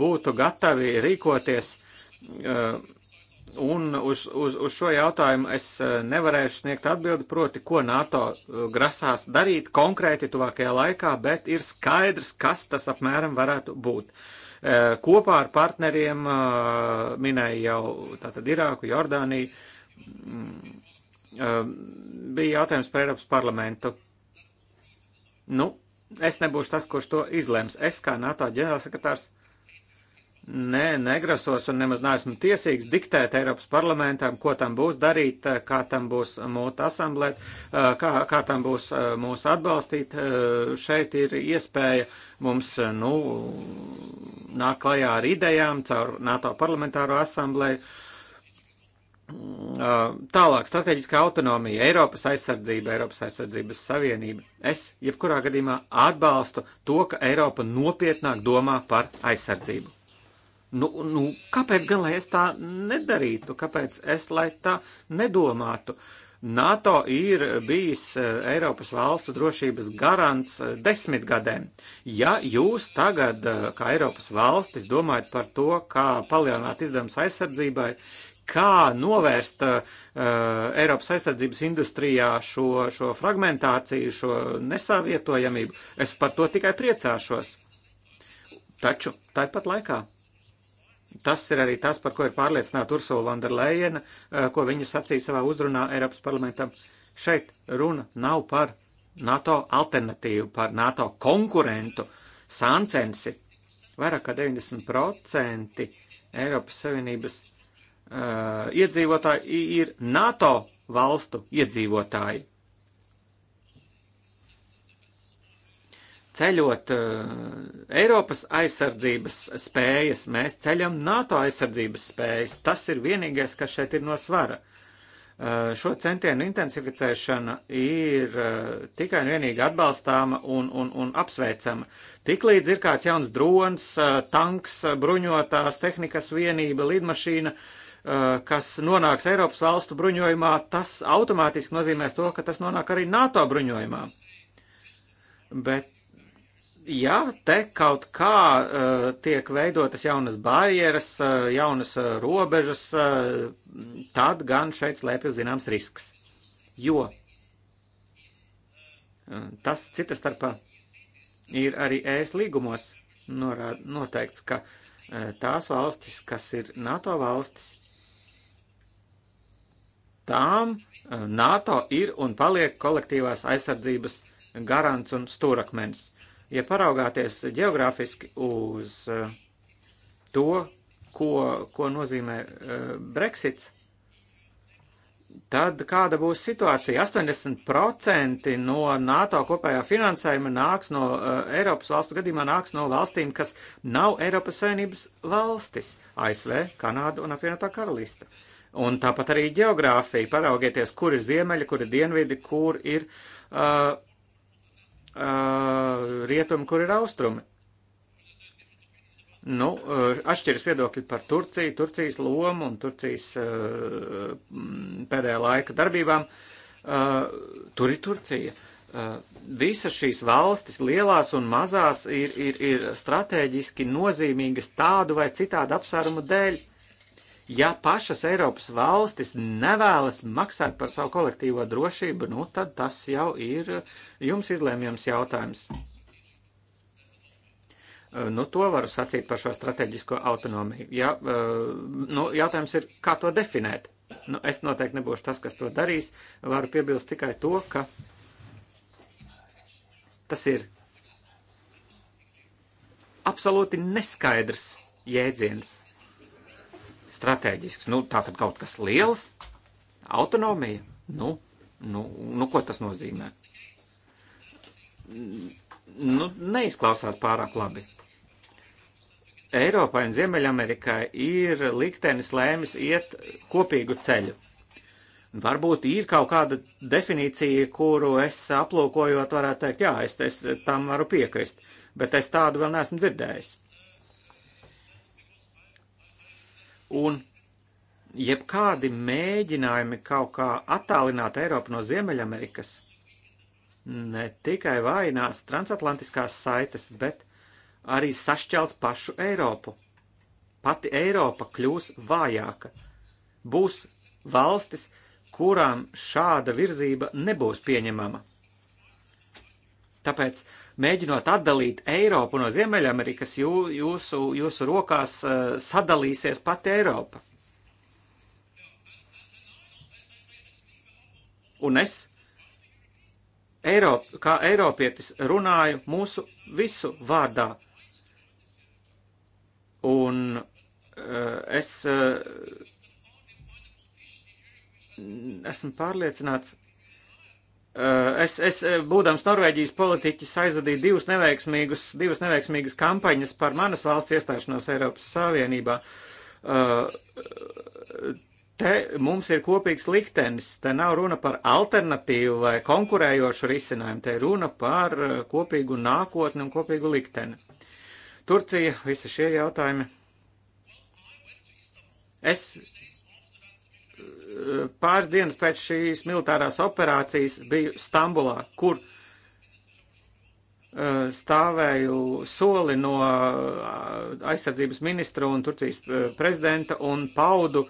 būtu gatavi rīkoties. Uh, Un uz, uz, uz šo jautājumu es e, nevarēšu sniegt atbildi, proti, ko NATO e, grasās darīt konkrēti tuvākajā laikā, bet ir skaidrs, kas tas apmēram varētu būt. E, kopā ar partneriem minēja jau tātad Irāku, Jordāniju, bija jautājums par Eiropas parlamentu. Nu, es nebūšu tas, kurš to izlems. Es kā NATO ģenerālsekretārs Nē, negrasos un nemaz neesmu tiesīgs diktēt Eiropas parlamentam, ko tam būs darīt, eh, kā tam būs mūtu asamblēt, eh, kā, kā tam būs eh, mūsu atbalstīt. Šeit ir iespēja mums, nu, nāk klajā ar idejām caur NATO parlamentāro asamblēju. Tālāk, strateģiskā autonomija, Eiropas aizsardzība, Eiropas aizsardzības savienība. Es jebkurā gadījumā atbalstu to, ka Eiropa nopietnāk domā par aizsardzību. Nu, nu, kāpēc gan lai es tā nedarītu? Kāpēc es lai tā nedomātu? NATO ir bijis eh, Eiropas valstu drošības garants eh, desmitgadēm. Ja jūs tagad, eh, kā Eiropas valstis, domājat par to, kā palielināt izdevumus aizsardzībai, kā novērst uh, Eiropas aizsardzības industrijā šo, šo fragmentāciju, šo nesavietojamību. Es par to tikai priecāšos. Taču tāpat laikā Tas ir arī tas, par ko ir pārliecināta Ursula von der Leyen, eh, ko viņa sacīja savā uzrunā Eiropas parlamentam. Šeit runa nav par NATO alternatīvu, par NATO konkurentu, sāncensi. Vairāk kā 90% Eiropas Savienības uh, iedzīvotāji ir NATO valstu iedzīvotāji. ceļot uh, Eiropas aizsardzības spējas, mēs ceļam NATO aizsardzības spējas. Tas ir vienīgais, kas šeit ir no svara. Uh, šo centienu intensificēšana ir uh, tikai un vienīgi atbalstāma un, un, un apsveicama. Tiklīdz ir kāds jauns drons, tanks, bruņotās tehnikas vienība, lidmašīna, kas nonāks Eiropas valstu bruņojumā, tas automātiski nozīmēs to, ka tas nonāk arī NATO bruņojumā. Bet jā, te kaut kā uh, tiek veidotas jaunas barjeras, uh, jaunas uh, robežas, uh, tad gan šeit slēpjas zināms risks. Jo tas cita starpā ir arī ēst līgumos norā, noteikts, ka uh, tās valstis, kas ir NATO valstis, tām uh, NATO ir un paliek kolektīvās aizsardzības garants un stūrakmens. Uh, Ja paraugāties geogrāfiski uz eh, to, ko, ko nozīmē eh, Brexits, tad kāda būs situācija? 80% no NATO kopējā finansējuma nāks no uh, Eiropas valstu gadījumā nāks no valstīm, kas nav Eiropas Savienības valstis - ASV, Kanāda un apvienotā karalista. Un tāpat arī geogrāfija. Paraugieties, kur ir ziemeļi, kur ir dienvidi, kur ir uh, Uh, rietumi, kur ir austrumi. Nu, uh, atšķiras viedokļi par Turciju, Turcijas lomu un Turcijas uh, pēdējā laika darbībām. Tur ir Turcija. Visas šīs valstis, lielās un mazās, ir, ir, ir strateģiski nozīmīgas tādu vai citādu apsvērumu dēļ ja pašas Eiropas valstis nevēlas maksāt par savu kolektīvo drošību, nu tad tas jau ir jums izlēmjams jautājums. Nu, to varu sacīt par šo strateģisko autonomiju. Ja, nu, jautājums ir, kā to definēt? Nu, es noteikti nebūšu tas, kas to darīs. Varu piebilst tikai to, ka tas ir absolūti neskaidrs jēdziens strateģisks. Nu, tā tad kaut kas liels, autonomija. Nu, nu, nu ko tas nozīmē? Nu, neizklausās pārāk labi. Eiropai un Ziemeļamerikai ir liktenis lēmis iet kopīgu ceļu. Varbūt ir kaut kāda definīcija, kuru es aplūkojot varētu teikt, jā, es, es tam varu piekrist, bet es tādu vēl neesmu dzirdējis. un jebkādi mēģinājumi kaut kā attālināt Eiropu no Ziemeļamerikas ne tikai vājinās transatlantiskās saites, bet arī sašķels pašu Eiropu. Pati Eiropa kļūs vājāka. Būs valstis, kurām šāda virzība nebūs pieņemama. Tāpēc, mēģinot atdalīt Eiropu no Ziemeļamerikas, jū, jūsu, jūsu rokās uh, sadalīsies pati Eiropa. Un es, Eiropa, kā Eiropietis, runāju mūsu visu vārdā. Un uh, es uh, esmu pārliecināts, Eh, es, es, eh, būdams Norvēģijas politiķis, aizvadīju divas neveiksmīgas, divas neveiksmīgas kampaņas par manas valsts iestāšanos Eiropas Savienībā. Eh, te mums ir kopīgs liktenis, te nav runa par alternatīvu vai konkurējošu risinājumu, te ir runa par kopīgu nākotni un kopīgu likteni. Turcija, visi šie jautājumi. Es pāris dienas pēc šīs militārās operācijas biju Stambulā, kur uh, stāvēju soli no uh, aizsardzības ministra un Turcijas uh, prezidenta un paudu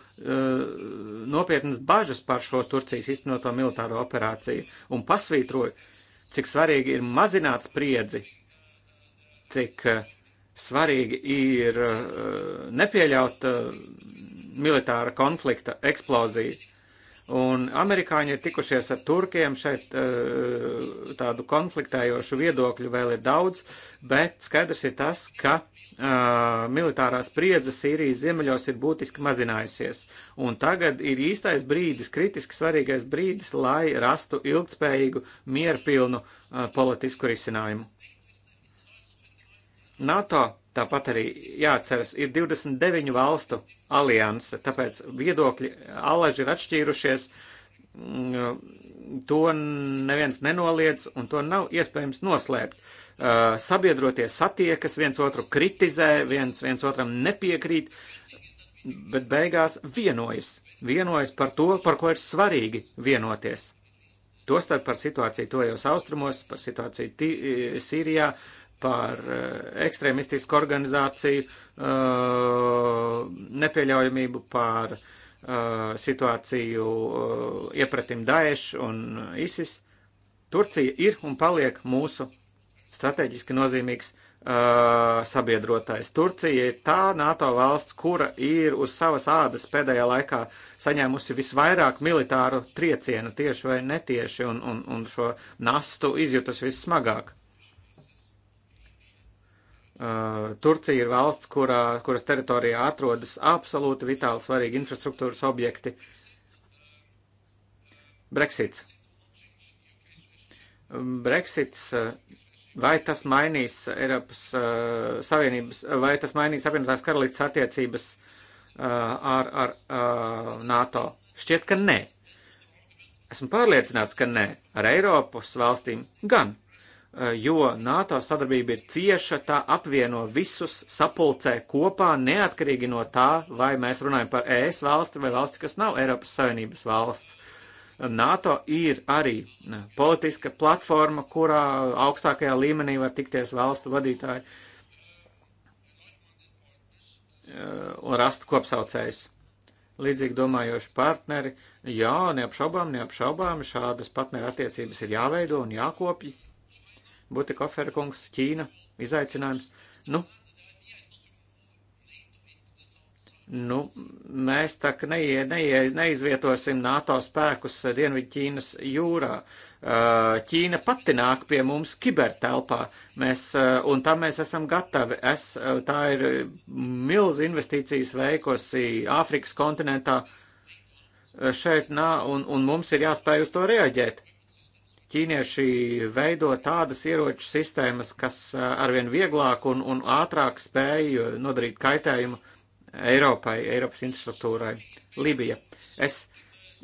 nopietnas bažas par šo Turcijas iztenoto militāro operāciju un pasvītroju, cik svarīgi ir mazināt spriedzi, cik svarīgi ir nepieļaut militāra konflikta eksplozija. Un amerikāņi ir tikušies ar turkiem, šeit eh, tādu konfliktējošu viedokļu vēl ir daudz, bet skaidrs ir tas, ka Uh, militārā spriedze Sīrijas ziemeļos ir būtiski mazinājusies. Un tagad ir īstais brīdis, kritiski svarīgais brīdis, lai rastu ilgspējīgu, mierpilnu uh, politisku risinājumu. NATO Tāpat arī jāatceras, ir 29 valstu alianse, tāpēc viedokļi alaži ir atšķīrušies, mm, to neviens nenoliedz un to nav iespējams noslēpt. Uh, sabiedrotie satiekas, viens otru kritizē, viens, viens otram nepiekrīt, bet beigās vienojas, vienojas par to, par ko ir svarīgi vienoties. Tostarp par situāciju tojos austrumos, par situāciju Sīrijā, uh, par eh, ekstrēmistisku organizāciju eh, nepieļaujamību, par eh, situāciju iepratim Daesh un ISIS. Turcija ir un paliek mūsu strateģiski nozīmīgs sabiedrotais. Turcija ir tā NATO valsts, kura ir uz savas ādas pēdējā laikā saņēmusi visvairāk militāru triecienu, tieši vai netieši, un, un, un šo nastu izjutus vissmagāk. Eh, Turcija ir valsts, kurā, kuras teritorijā atrodas absolūti vitāli svarīgi infrastruktūras objekti. Brexits. Brexits, eh, vai tas mainīs Eiropas eh, Savienības, vai tas mainīs apvienotās karalītes attiecības ar, ar, ar NATO? Šķiet, ka nē. Esmu pārliecināts, ka nē. Ar Eiropas valstīm gan Eh, jo NATO sadarbība ir cieša, tā apvieno visus, sapulcē kopā, neatkarīgi no tā, vai mēs runājam par ES valsti vai valsti, kas nav Eiropas Savienības valsts. Eh, NATO ir arī eh, politiska platforma, kurā augstākajā līmenī var tikties valstu vadītāji un rast kopsaucējus. Līdzīgi domājoši partneri, jā, neapšaubām, neapšaubām, šādas partneru attiecības ir jāveido un jākopja, Butikoferu kungs, Ķīna, izaicinājums. Nu, nu mēs tā kā neie, neie, neizvietosim NATO spēkus Dienvidu Ķīnas jūrā. Ķīna pati nāk pie mums kibertelpā, mēs, un tam mēs esam gatavi. Es, tā ir milz investīcijas veikosi Āfrikas kontinentā šeit nā, un, un mums ir jāspēj uz to reaģēt ķīnieši veido tādas ieroču sistēmas, kas eh, arvien vieglāk un, un ātrāk spēj eh, nodarīt kaitējumu Eiropai, Eiropas infrastruktūrai. Libija. Es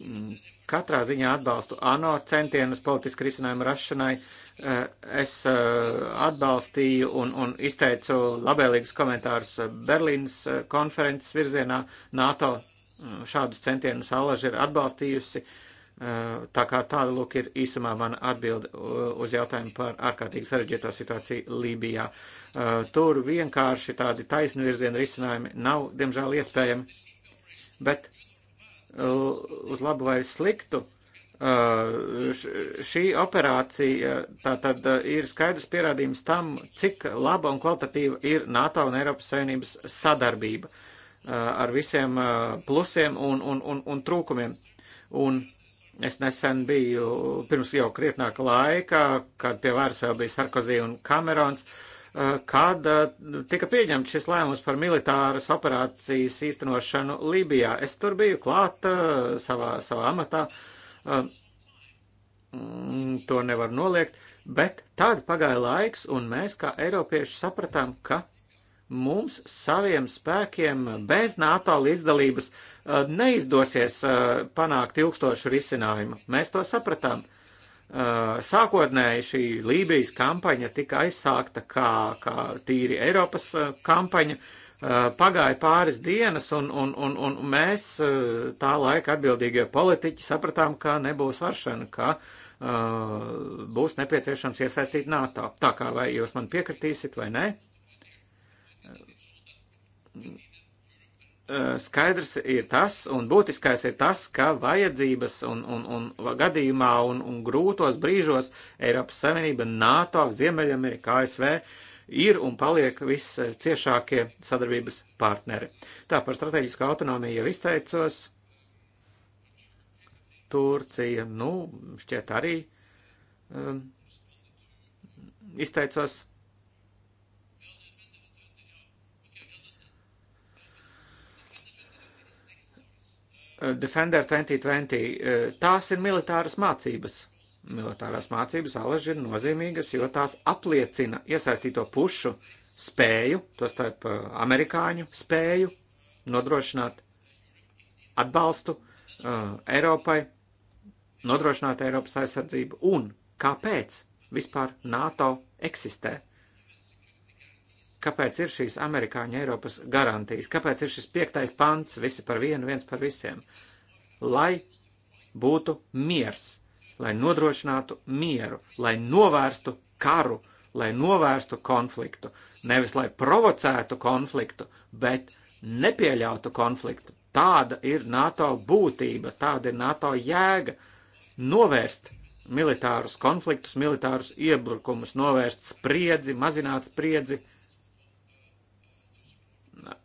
mm, katrā ziņā atbalstu ANO centienus politisku risinājumu rašanai. Eh, es atbalstīju un, un izteicu labēlīgus komentārus Berlīnas konferences virzienā. NATO mm, šādus centienus allaž ir atbalstījusi. Uh, Eh, tā kā tāda lūk ir īsumā mana atbilde eh, uz jautājumu par ārkārtīgi sarežģīto situāciju Lībijā. Eh, tur vienkārši tādi taisnvirziena risinājumi nav, diemžēl, iespējami, bet uz labu vai sliktu šī operācija tā tad ir skaidrs pierādījums tam, cik laba un kvalitatīva ir NATO un Eiropas Savienības sadarbība ar visiem plusiem un, un, un, un trūkumiem. Un, Es nesen biju, pirms jau krietnāka laika, kad pie varas vēl bija Sarkozī un Kamerons, eh, kad eh, tika pieņemts šis lēmums par militāras operācijas īstenošanu Libijā. Es tur biju klāt eh, savā, savā amatā, mm, to nevar noliegt, bet tad pagāja laiks, un mēs kā eiropieši sapratām, ka mums saviem spēkiem bez NATO līdzdalības uh, neizdosies uh, panākt ilgstošu risinājumu. Mēs to sapratām. Uh, sākotnēji šī Lībijas kampaņa tika aizsākta kā, kā tīri Eiropas kampaņa. Pagāja pāris dienas, un, un, un, un mēs tā laika atbildīgie politiķi sapratām, ka nebūs varšana, ka uh, būs nepieciešams iesaistīt NATO. Tā kā vai jūs man piekritīsiet vai nē, skaidrs ir tas, un būtiskais ir tas, ka vajadzības un, un, un gadījumā un, un grūtos brīžos Eiropas Savienība, NATO, Ziemeļamerika, ASV ir un paliek visciešākie sadarbības partneri. Tā par strateģisku autonomiju jau izteicos. Turcija, nu, šķiet arī um, izteicos. Eh, Defender 2020. Eh, tās ir militāras mācības. Militārās mācības alaži ir nozīmīgas, jo tās apliecina iesaistīto pušu spēju, tostarp eh, amerikāņu spēju nodrošināt atbalstu uh, Eiropai, nodrošināt Eiropas aizsardzību un kāpēc vispār NATO eksistē kāpēc ir šīs amerikāņu Eiropas garantijas, kāpēc ir šis piektais pants, visi par vienu, viens par visiem, lai būtu miers, lai nodrošinātu mieru, lai novērstu karu, lai novērstu konfliktu, nevis lai provocētu konfliktu, bet nepieļautu konfliktu. Tāda ir NATO būtība, tāda ir NATO jēga novērst militārus konfliktus, militārus iebrukumus, novērst spriedzi, mazināt spriedzi, uh,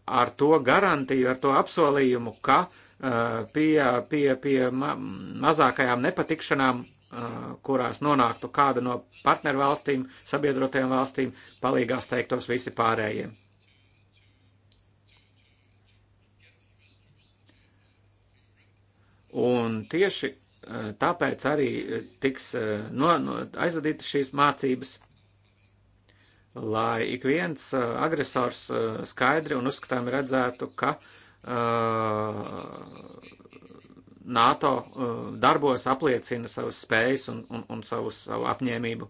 ar to garantiju, ar to apsolījumu, ka uh, pie, pie, pie ma mazākajām nepatikšanām, uh, kurās nonāktu kāda no partneru valstīm, sabiedrotajām valstīm, palīgās teiktos visi pārējiem. Un tieši uh, tāpēc arī tiks no, no, aizvadītas šīs mācības lai ik viens uh, agresors uh, skaidri un uzskatām redzētu, ka uh, NATO darbos apliecina savas spējas un, un, un savu, savu apņēmību.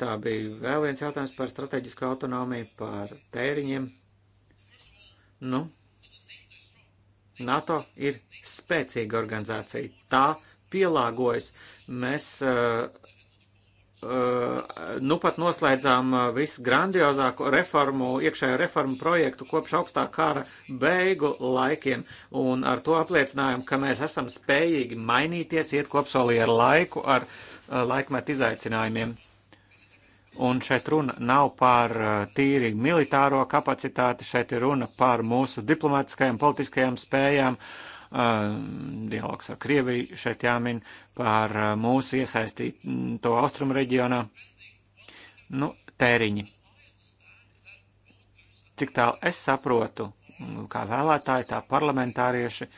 Tā bija vēl viens jautājums par strateģisku autonomiju, par tēriņiem. Nu, NATO ir spēcīga organizācija. Tā pielāgojas. Mēs uh, nu pat noslēdzām uh, visgrandiozāko reformu, iekšējo reformu projektu kopš augstā kara beigu laikiem, un ar to apliecinājām, ka mēs esam spējīgi mainīties, iet kopsolī ar laiku, ar uh, laikmetu izaicinājumiem. Un šeit runa nav par uh, tīri militāro kapacitāti, šeit ir runa par mūsu diplomatiskajām, politiskajām spējām, uh, Ehm, dialogs ar Krieviju šeit jāmin par eh, mūsu iesaistīto austrumu reģionā. Nu, tēriņi. Cik tālu es saprotu, mm, kā vēlētāji, tā parlamentārieši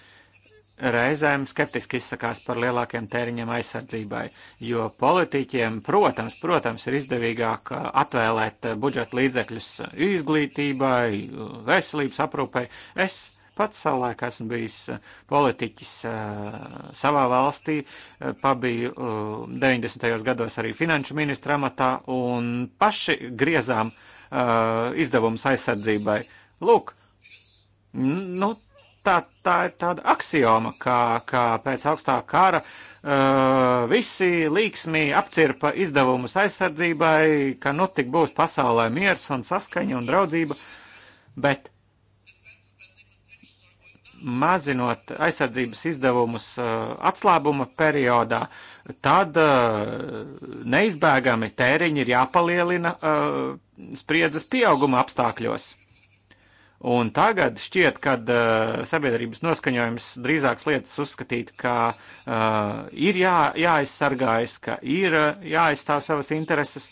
reizēm skeptiski izsakās par lielākiem tēriņiem aizsardzībai, jo politiķiem, protams, protams, ir izdevīgāk eh, atvēlēt eh, budžeta līdzekļus izglītībai, veselības aprūpai. Es pats savulaik esmu bijis eh, politiķis eh, savā valstī, eh, pabiju 90. gados arī finanšu ministra amatā un paši griezām izdevumus aizsardzībai. Lūk, nu, tā, tā ir tāda axioma, kā, kā pēc augstā kara uh, visi līksmī apcirpa izdevumus aizsardzībai, ka nu tik būs pasaulē miers un saskaņa un draudzība, bet mazinot aizsardzības izdevumus uh, atslābuma periodā, tad uh, neizbēgami tēriņi ir jāpalielina uh, spriedzes pieauguma apstākļos. Un tagad šķiet, ka uh, sabiedrības noskaņojums drīzāk lietas uzskatīt, ka uh, ir jā, jāaizsargājas, ka ir uh, jāaizstāv savas intereses,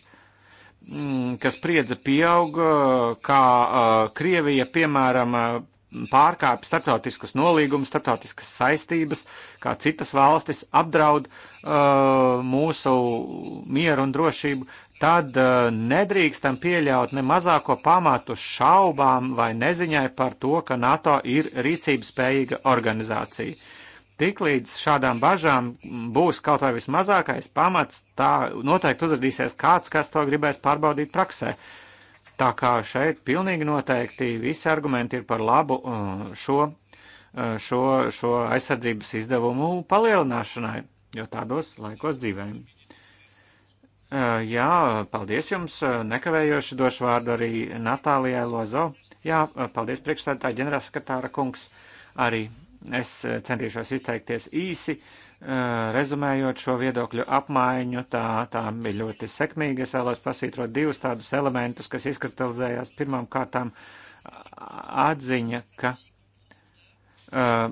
mm, kas priedze pieaug, uh, kā uh, Krievija, piemēram, uh, pārkāpj starptautiskus nolīgumus, starptautiskas saistības, kā citas valstis apdraud uh, mūsu mieru un drošību, tad uh, nedrīkstam pieļaut ne mazāko pamatu šaubām vai neziņai par to, ka NATO ir rīcības spējīga organizācija. Tiklīdz šādām bažām būs kaut vai vismazākais pamats, tā noteikti uzradīsies kāds, kas to gribēs pārbaudīt praksē. Uh, Tā kā šeit pilnīgi noteikti visi argumenti ir par labu uh, šo, uh, šo, šo aizsardzības izdevumu palielināšanai, jo tādos laikos dzīvējam. Uh, jā, paldies jums, nekavējoši došu vārdu arī Natālijai Lozo. Jā, paldies priekšstādātāji ģenerālsekretāra kungs arī es centīšos izteikties īsi, Rezumējot šo viedokļu apmaiņu, tā, tā bija ļoti sekmīga. Es vēlos pasvītrot divus tādus elementus, kas izkristalizējās pirmām kārtām atziņa, ka uh,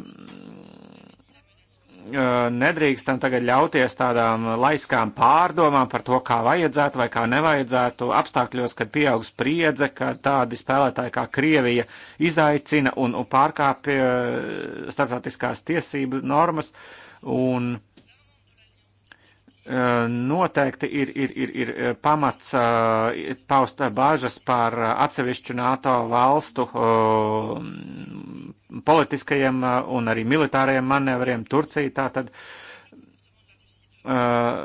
nedrīkstam tagad ļauties tādām laiskām pārdomām par to, kā vajadzētu vai kā nevajadzētu, apstākļos, kad pieaug spriedze, ka tādi spēlētāji kā Krievija izaicina un, un pārkāpja starptautiskās tiesību normas. Uh, Un e, noteikti ir, ir, ir, ir e, pamats e, paust bāžas par atsevišķu NATO valstu politiskajiem un arī militārajiem manevriem. Turcija tātad. tad Eh,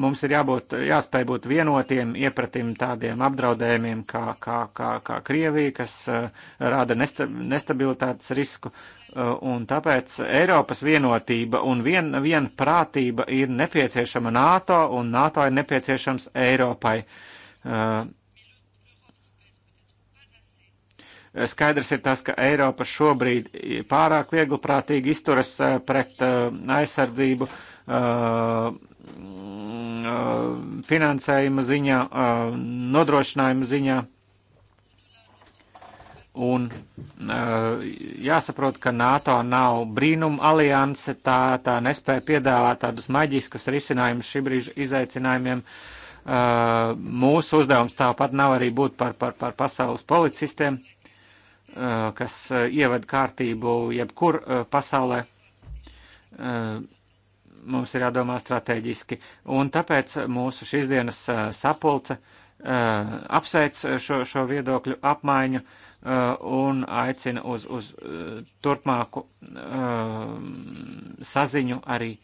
mums ir jābūt, jāspēj būt vienotiem iepratim tādiem apdraudējumiem kā, kā, kā, kā Krievija, kas eh, rada nesta, nestabilitātes risku. Eh, un tāpēc Eiropas vienotība un vien, vienprātība ir nepieciešama NATO un NATO ir nepieciešams Eiropai. Skaidrs ir tas, ka Eiropa šobrīd pārāk viegli prātīgi izturas pret aizsardzību uh, Uh, finansējuma ziņā, uh, nodrošinājuma ziņā. Un uh, jāsaprot, ka NATO nav brīnuma alianse, tā, tā nespēja piedāvāt tādus maģiskus risinājumus šī brīža izaicinājumiem. Mūsu uzdevums tāpat nav arī būt par, par, par pasaules policistiem, kas ieved kārtību jebkur pasaulē mums ir jādomā strateģiski. Un tāpēc mūsu šīs dienas sapulce apsveic šo, šo viedokļu apmaiņu un aicina uz, uz turpmāku saziņu arī